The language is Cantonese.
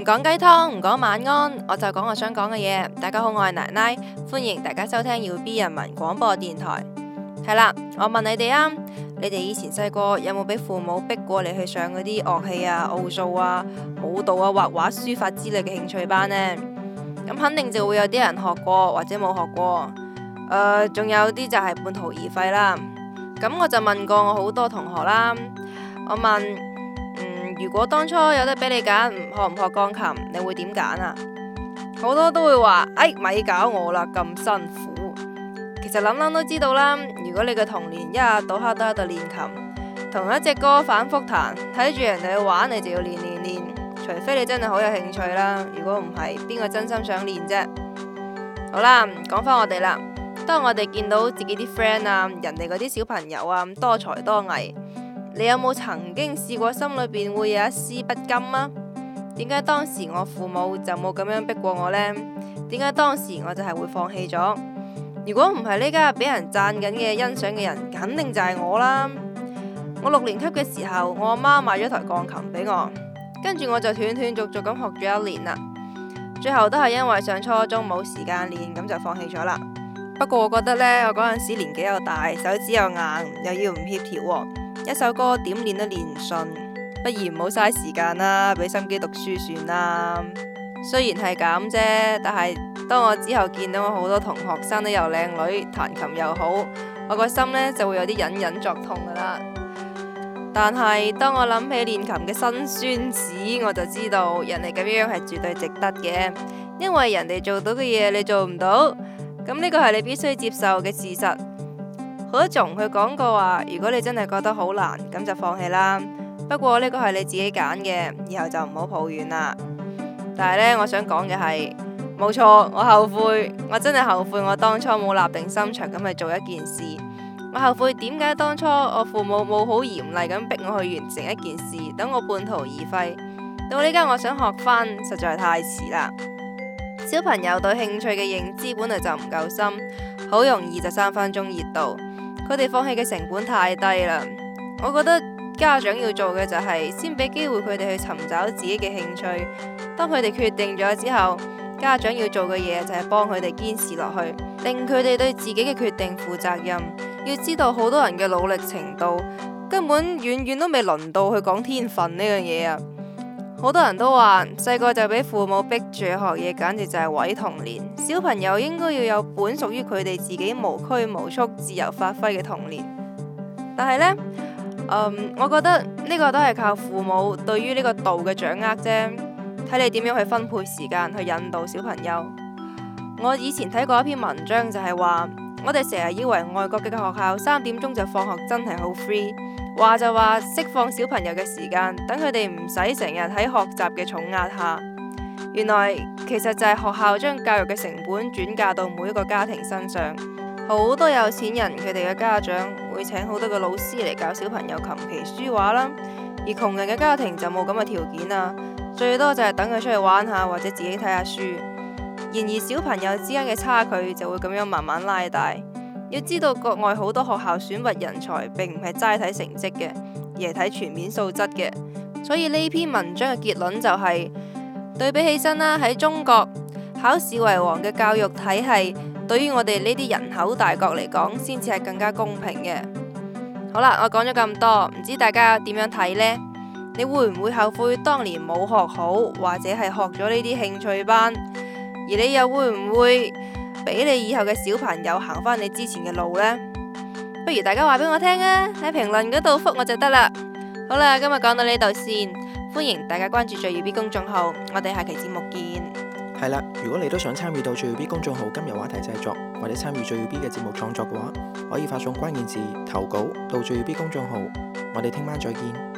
唔講雞湯，唔講晚安，我就講我想講嘅嘢。大家好，我係奶奶，歡迎大家收聽 U B 人民廣播電台。係啦，我問你哋啊，你哋以前細個有冇俾父母逼過你去上嗰啲樂器啊、奧數啊、舞蹈啊、畫畫、書法之類嘅興趣班呢？咁肯定就會有啲人學過，或者冇學過。誒、呃，仲有啲就係半途而廢啦。咁我就問過我好多同學啦，我問。如果當初有得俾你揀，唔學唔學鋼琴，你會點揀啊？好多都會話：哎、欸，咪搞我啦，咁辛苦。其實諗諗都知道啦，如果你嘅童年一日到黑都喺度練琴，同一隻歌反覆彈，睇住人哋去玩，你就要練練練。除非你真係好有興趣啦，如果唔係，邊個真心想練啫？好啦，講翻我哋啦，當我哋見到自己啲 friend 啊，人哋嗰啲小朋友啊咁多才多藝。你有冇曾經試過心裏邊會有一絲不甘啊？點解當時我父母就冇咁樣逼過我呢？點解當時我就係會放棄咗？如果唔係呢家俾人讚緊嘅欣賞嘅人，肯定就係我啦。我六年級嘅時候，我阿媽買咗台鋼琴俾我，跟住我就斷斷續續咁學咗一年啦。最後都係因為上初中冇時間練，咁就放棄咗啦。不過我覺得呢，我嗰陣時年紀又大，手指又硬，又要唔協調。一首歌點練都練唔順，不如唔好嘥時間啦，俾心機讀書算啦。雖然係咁啫，但係當我之後見到我好多同學生得又靚女，彈琴又好，我個心呢就會有啲隱隱作痛噶啦。但係當我諗起練琴嘅辛酸史，我就知道人哋咁樣係絕對值得嘅，因為人哋做到嘅嘢你做唔到，咁呢個係你必須接受嘅事實。好多仲佢講過話，如果你真係覺得好難，咁就放棄啦。不過呢個係你自己揀嘅，以後就唔好抱怨啦。但係呢，我想講嘅係，冇錯，我後悔，我真係後悔，我當初冇立定心腸咁去做一件事。我後悔點解當初我父母冇好嚴厲咁逼我去完成一件事，等我半途而廢。到呢家我想學翻，實在太遲啦。小朋友對興趣嘅認知本來就唔夠深，好容易就三分鐘熱度。佢哋放棄嘅成本太低啦，我覺得家長要做嘅就係先俾機會佢哋去尋找自己嘅興趣。當佢哋決定咗之後，家長要做嘅嘢就係幫佢哋堅持落去，令佢哋對自己嘅決定負責任。要知道好多人嘅努力程度根本遠遠都未輪到去講天分呢樣嘢啊！好多人都話細個就俾父母逼住學嘢，簡直就係毀童年。小朋友應該要有本屬於佢哋自己無拘無束、自由發揮嘅童年。但係呢，嗯，我覺得呢個都係靠父母對於呢個度嘅掌握啫，睇你點樣去分配時間去引導小朋友。我以前睇過一篇文章就係話，我哋成日以為外國嘅學校三點鐘就放學，真係好 free。話就話釋放小朋友嘅時間，等佢哋唔使成日喺學習嘅重壓下。原來其實就係學校將教育嘅成本轉嫁到每一個家庭身上。好多有錢人佢哋嘅家長會請好多嘅老師嚟教小朋友琴棋書畫啦，而窮人嘅家庭就冇咁嘅條件啊。最多就係等佢出去玩下或者自己睇下書。然而小朋友之間嘅差距就會咁樣慢慢拉大。要知道國外好多學校選拔人才並唔係齋睇成績嘅，而係睇全面素質嘅。所以呢篇文章嘅結論就係，對比起身啦，喺中國考試為王嘅教育體系，對於我哋呢啲人口大國嚟講，先至係更加公平嘅。好啦，我講咗咁多，唔知大家點樣睇呢？你會唔會後悔當年冇學好，或者係學咗呢啲興趣班？而你又會唔會？俾你以後嘅小朋友行翻你之前嘅路咧，不如大家話俾我聽啊，喺評論嗰度覆我就得啦。好啦，今日講到呢度先，歡迎大家關注最 U B 公眾號，我哋下期節目見。係啦，如果你都想參與到最 U B 公眾號今日話題製作，或者參與最 U B 嘅節目創作嘅話，可以發送關鍵字投稿到最 U B 公眾號，我哋聽晚再見。